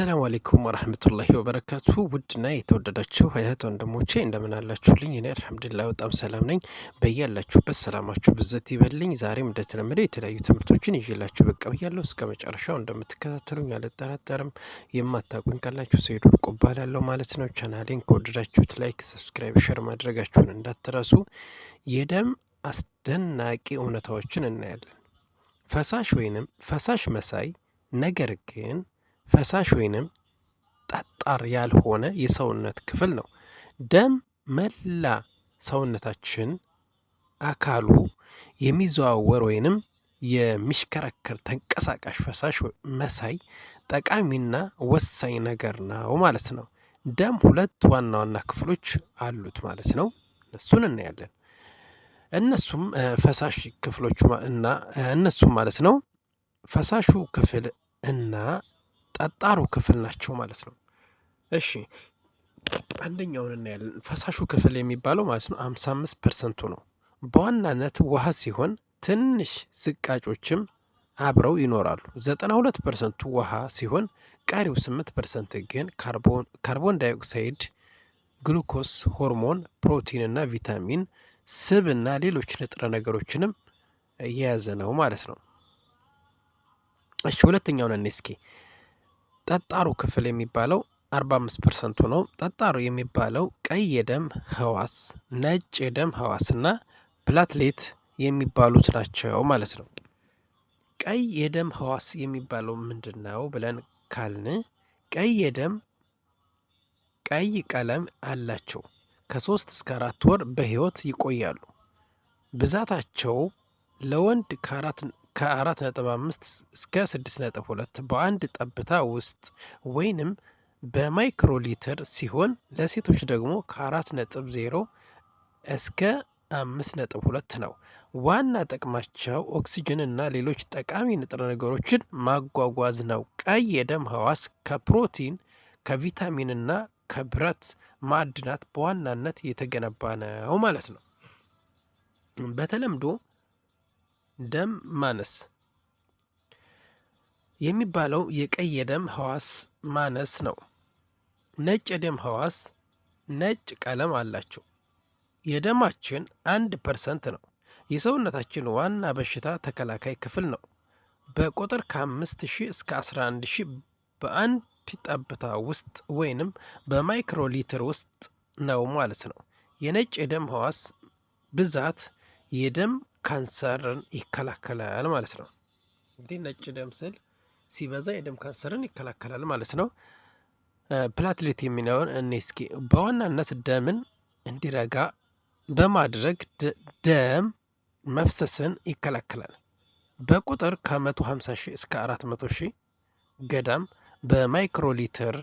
አሰላሙ አሌይኩም ወረህመቱላሂ ወበረካቱ። ውድና የተወደዳችሁ እህት ወንድሞቼ እንደምን አላችሁልኝ? እኔ አልሐምዱላ በጣም ሰላም ነኝ። በያላችሁበት ሰላማችሁ ብዘት ይበልኝ። ዛሬም እንደተለመደው የተለያዩ ትምህርቶችን ይዤላችሁ ብቅ ብያለሁ። እስከ መጨረሻው እንደምትከታተሉኝ አልጠራጠርም። የማታውቁኝ ካላችሁ ሰይድ እባላለሁ ማለት ነው። ቻናሌን ከወደዳችሁት ላይክ፣ ሰብስክራይብ፣ ሸር ማድረጋችሁን እንዳትረሱ። የደም አስደናቂ እውነታዎችን እናያለን። ፈሳሽ ወይንም ፈሳሽ መሳይ ነገር ግን ፈሳሽ ወይንም ጠጣር ያልሆነ የሰውነት ክፍል ነው። ደም መላ ሰውነታችን አካሉ የሚዘዋወር ወይንም የሚሽከረከር ተንቀሳቃሽ ፈሳሽ መሳይ ጠቃሚና ወሳኝ ነገር ነው ማለት ነው። ደም ሁለት ዋና ዋና ክፍሎች አሉት ማለት ነው። እነሱን እናያለን። እነሱም ፈሳሽ ክፍሎቹ እና እነሱም ማለት ነው ፈሳሹ ክፍል እና ጠጣሩ ክፍል ናቸው ማለት ነው። እሺ አንደኛውን እናያለን። ፈሳሹ ክፍል የሚባለው ማለት ነው አምሳ አምስት ፐርሰንቱ ነው። በዋናነት ውሃ ሲሆን ትንሽ ዝቃጮችም አብረው ይኖራሉ። ዘጠና ሁለት ፐርሰንቱ ውሃ ሲሆን ቀሪው ስምንት ፐርሰንት ግን ካርቦን ዳይኦክሳይድ፣ ግሉኮስ፣ ሆርሞን፣ ፕሮቲንና ቪታሚን፣ ስብና ሌሎች ንጥረ ነገሮችንም የያዘ ነው ማለት ነው። እሺ ሁለተኛውን እኔ እስኪ ጠጣሩ ክፍል የሚባለው 45 ፐርሰንቱ ነው። ጠጣሩ የሚባለው ቀይ የደም ህዋስ፣ ነጭ የደም ህዋስና ፕላትሌት የሚባሉት ናቸው ማለት ነው። ቀይ የደም ህዋስ የሚባለው ምንድን ነው ብለን ካልን ቀይ የደም ቀይ ቀለም አላቸው። ከሶስት እስከ አራት ወር በህይወት ይቆያሉ። ብዛታቸው ለወንድ ከአራት ከ4.5 እስከ 6.2 በአንድ ጠብታ ውስጥ ወይንም በማይክሮ ሊትር ሲሆን ለሴቶች ደግሞ ከ4.0 እስከ 5.2 ነው። ዋና ጥቅማቸው ኦክሲጅን እና ሌሎች ጠቃሚ ንጥረ ነገሮችን ማጓጓዝ ነው። ቀይ የደም ህዋስ ከፕሮቲን ከቪታሚን እና ከብረት ማዕድናት በዋናነት የተገነባ ነው ማለት ነው። በተለምዶ ደም ማነስ የሚባለው የቀይ የደም ህዋስ ማነስ ነው። ነጭ የደም ህዋስ ነጭ ቀለም አላቸው። የደማችን አንድ ፐርሰንት ነው። የሰውነታችን ዋና በሽታ ተከላካይ ክፍል ነው። በቁጥር ከ ሺህ እስከ 11 ሺህ በአንድ ጠብታ ውስጥ ወይንም በማይክሮ ሊትር ውስጥ ነው ማለት ነው። የነጭ የደም ህዋስ ብዛት የደም ካንሰርን ይከላከላል ማለት ነው። እንግዲህ ነጭ ደም ስል ሲበዛ የደም ካንሰርን ይከላከላል ማለት ነው። ፕላትሌት የሚለውን እኔ እስኪ በዋናነት ደምን እንዲረጋ በማድረግ ደም መፍሰስን ይከላከላል። በቁጥር ከ150 ሺህ እስከ 400 ሺህ ገዳም በማይክሮሊትር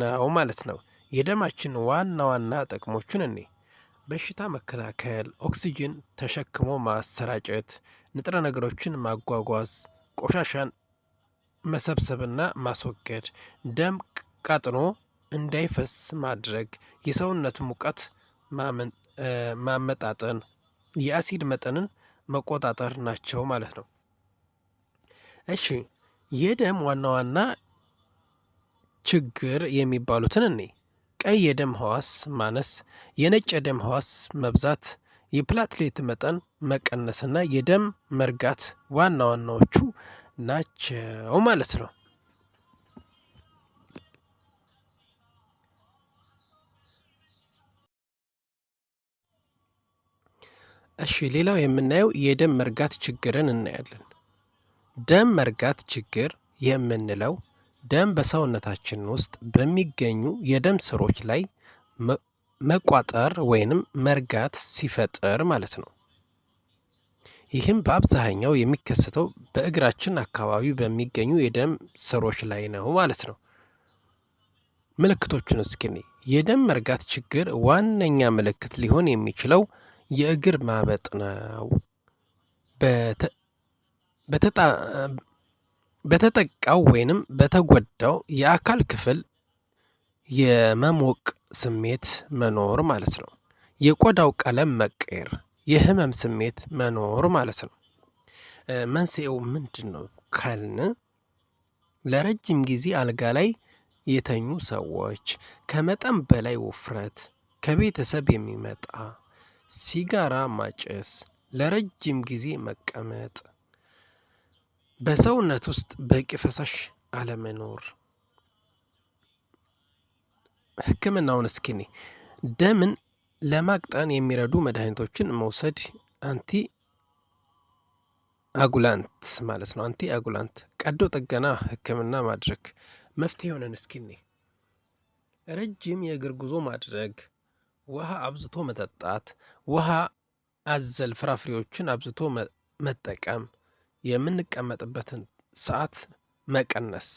ነው ማለት ነው። የደማችን ዋና ዋና ጥቅሞቹን እኔ በሽታ መከላከል፣ ኦክሲጅን ተሸክሞ ማሰራጨት፣ ንጥረ ነገሮችን ማጓጓዝ፣ ቆሻሻን መሰብሰብና ማስወገድ፣ ደም ቀጥኖ እንዳይፈስ ማድረግ፣ የሰውነት ሙቀት ማመጣጠን፣ የአሲድ መጠንን መቆጣጠር ናቸው ማለት ነው። እሺ የደም ዋና ዋና ችግር የሚባሉትን እኔ ቀይ የደም ህዋስ ማነስ፣ የነጭ የደም ህዋስ መብዛት፣ የፕላትሌት መጠን መቀነስና የደም መርጋት ዋና ዋናዎቹ ናቸው ማለት ነው። እሺ ሌላው የምናየው የደም መርጋት ችግርን እናያለን። ደም መርጋት ችግር የምንለው ደም በሰውነታችን ውስጥ በሚገኙ የደም ስሮች ላይ መቋጠር ወይንም መርጋት ሲፈጥር ማለት ነው። ይህም በአብዛኛው የሚከሰተው በእግራችን አካባቢ በሚገኙ የደም ስሮች ላይ ነው ማለት ነው። ምልክቶቹን እስኪኔ የደም መርጋት ችግር ዋነኛ ምልክት ሊሆን የሚችለው የእግር ማበጥ ነው። በተጠቃው ወይንም በተጎዳው የአካል ክፍል የመሞቅ ስሜት መኖር ማለት ነው። የቆዳው ቀለም መቀየር፣ የህመም ስሜት መኖር ማለት ነው። መንስኤው ምንድን ነው ካልን ለረጅም ጊዜ አልጋ ላይ የተኙ ሰዎች፣ ከመጠን በላይ ውፍረት፣ ከቤተሰብ የሚመጣ ሲጋራ ማጨስ፣ ለረጅም ጊዜ መቀመጥ በሰውነት ውስጥ በቂ ፈሳሽ አለመኖር። ህክምናውን እስኪኒ ደምን ለማቅጠን የሚረዱ መድኃኒቶችን መውሰድ አንቲ አጉላንት ማለት ነው። አንቲ አጉላንት ቀዶ ጥገና ህክምና ማድረግ መፍትሄ የሆነን እስኪኒ ረጅም የእግር ጉዞ ማድረግ፣ ውሃ አብዝቶ መጠጣት፣ ውሃ አዘል ፍራፍሬዎችን አብዝቶ መጠቀም የምንቀመጥበትን ሰዓት መቀነስ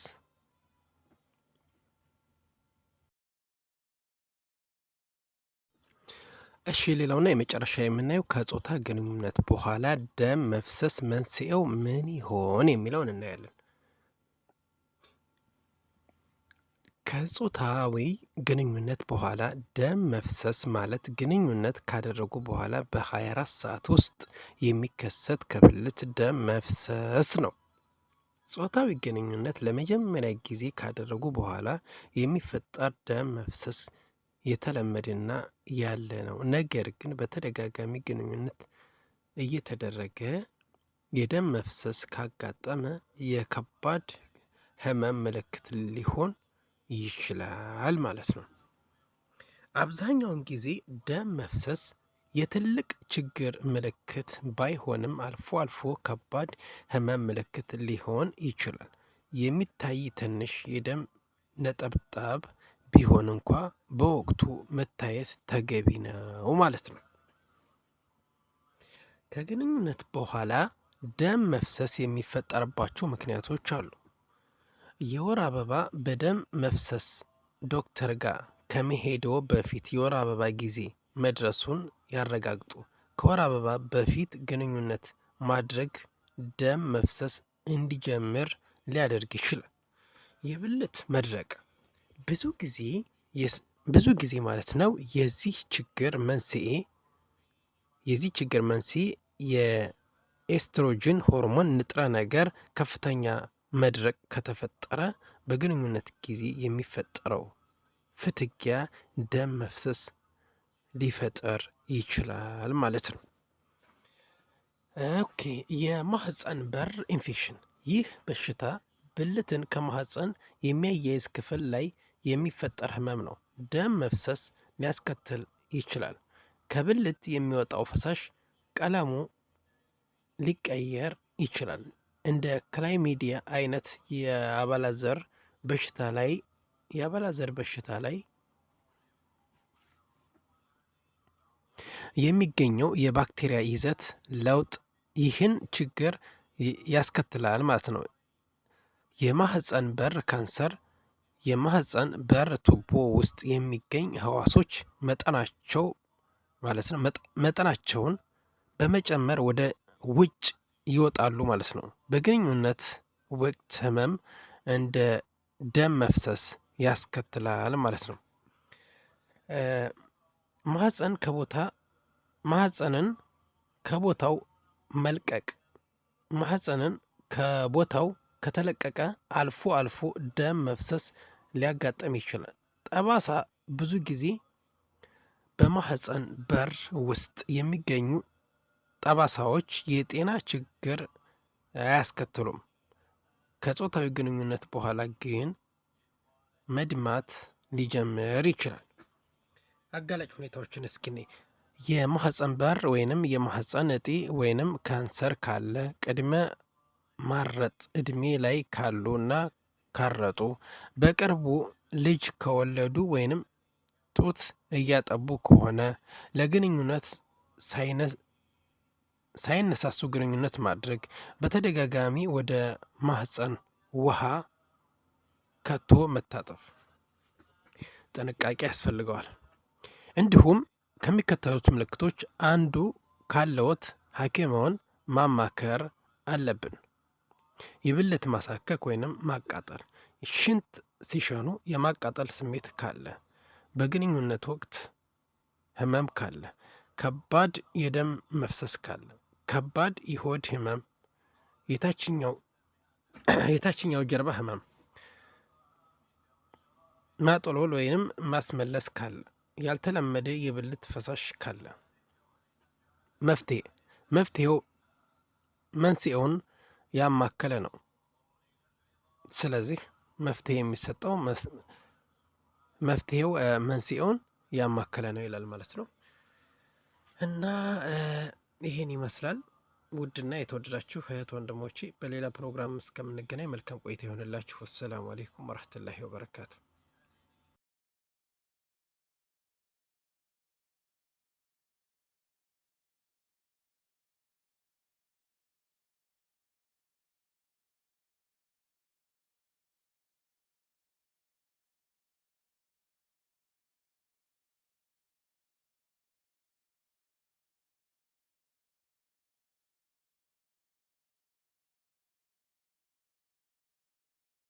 እሺ ሌላውና የመጨረሻ የምናየው ከጾታ ግንኙነት በኋላ ደም መፍሰስ መንስኤው ምን ይሆን የሚለውን እናያለን። ከጾታዊ ግንኙነት በኋላ ደም መፍሰስ ማለት ግንኙነት ካደረጉ በኋላ በ24 ሰዓት ውስጥ የሚከሰት ከብልት ደም መፍሰስ ነው። ጾታዊ ግንኙነት ለመጀመሪያ ጊዜ ካደረጉ በኋላ የሚፈጠር ደም መፍሰስ የተለመደና ያለ ነው። ነገር ግን በተደጋጋሚ ግንኙነት እየተደረገ የደም መፍሰስ ካጋጠመ የከባድ ህመም ምልክት ሊሆን ይችላል ማለት ነው። አብዛኛውን ጊዜ ደም መፍሰስ የትልቅ ችግር ምልክት ባይሆንም አልፎ አልፎ ከባድ ህመም ምልክት ሊሆን ይችላል። የሚታይ ትንሽ የደም ነጠብጣብ ቢሆን እንኳ በወቅቱ መታየት ተገቢ ነው ማለት ነው። ከግንኙነት በኋላ ደም መፍሰስ የሚፈጠርባቸው ምክንያቶች አሉ። የወር አበባ በደም መፍሰስ ዶክተር ጋር ከመሄድዎ በፊት የወር አበባ ጊዜ መድረሱን ያረጋግጡ። ከወር አበባ በፊት ግንኙነት ማድረግ ደም መፍሰስ እንዲጀምር ሊያደርግ ይችላል። የብልት መድረቅ ብዙ ጊዜ ማለት ነው። የዚህ ችግር መንስኤ የዚህ ችግር መንስኤ የኤስትሮጅን ሆርሞን ንጥረ ነገር ከፍተኛ መድረቅ ከተፈጠረ በግንኙነት ጊዜ የሚፈጠረው ፍትጊያ ደም መፍሰስ ሊፈጠር ይችላል ማለት ነው። ኦኬ የማህፀን በር ኢንፌክሽን ይህ በሽታ ብልትን ከማህፀን የሚያያይዝ ክፍል ላይ የሚፈጠር ህመም ነው። ደም መፍሰስ ሊያስከትል ይችላል። ከብልት የሚወጣው ፈሳሽ ቀለሙ ሊቀየር ይችላል። እንደ ክላይሚዲያ አይነት የአባላዘር በሽታ ላይ የአባላዘር በሽታ ላይ የሚገኘው የባክቴሪያ ይዘት ለውጥ ይህን ችግር ያስከትላል ማለት ነው። የማህፀን በር ካንሰር የማህፀን በር ቱቦ ውስጥ የሚገኝ ህዋሶች መጠናቸው ማለት ነው መጠናቸውን በመጨመር ወደ ውጭ ይወጣሉ ማለት ነው። በግንኙነት ወቅት ህመም እንደ ደም መፍሰስ ያስከትላል ማለት ነው። ማህፀን ከቦታ ማህፀንን ከቦታው መልቀቅ ማህፀንን ከቦታው ከተለቀቀ አልፎ አልፎ ደም መፍሰስ ሊያጋጥም ይችላል። ጠባሳ ብዙ ጊዜ በማህፀን በር ውስጥ የሚገኙ ጠባሳዎች የጤና ችግር አያስከትሉም። ከጾታዊ ግንኙነት በኋላ ግን መድማት ሊጀምር ይችላል። አጋላጭ ሁኔታዎችን እስኪኔ የማህፀን በር ወይንም የማህፀን እጢ ወይንም ካንሰር ካለ ቅድመ ማረጥ እድሜ ላይ ካሉ እና ካረጡ በቅርቡ ልጅ ከወለዱ ወይንም ጡት እያጠቡ ከሆነ ለግንኙነት ሳይነሳሱ ግንኙነት ማድረግ፣ በተደጋጋሚ ወደ ማህፀን ውሃ ከቶ መታጠብ ጥንቃቄ ያስፈልገዋል። እንዲሁም ከሚከተሉት ምልክቶች አንዱ ካለዎት ሐኪምዎን ማማከር አለብን። የብልት ማሳከክ ወይንም ማቃጠል፣ ሽንት ሲሸኑ የማቃጠል ስሜት ካለ፣ በግንኙነት ወቅት ህመም ካለ፣ ከባድ የደም መፍሰስ ካለ ከባድ የሆድ ህመም፣ የታችኛው ጀርባ ህመም፣ ማጥሎል ወይንም ማስመለስ ካለ፣ ያልተለመደ የብልት ፈሳሽ ካለ መፍትሄ መፍትሄው መንስኤውን ያማከለ ነው። ስለዚህ መፍትሄ የሚሰጠው መፍትሄው መንስኤውን ያማከለ ነው ይላል ማለት ነው እና ይህን ይመስላል። ውድና የተወደዳችሁ እህት ወንድሞቼ፣ በሌላ ፕሮግራም እስከምንገናኝ መልካም ቆይታ ይሆንላችሁ። አሰላሙ አሌይኩም ወረህመቱላሂ ወበረካቱሁ።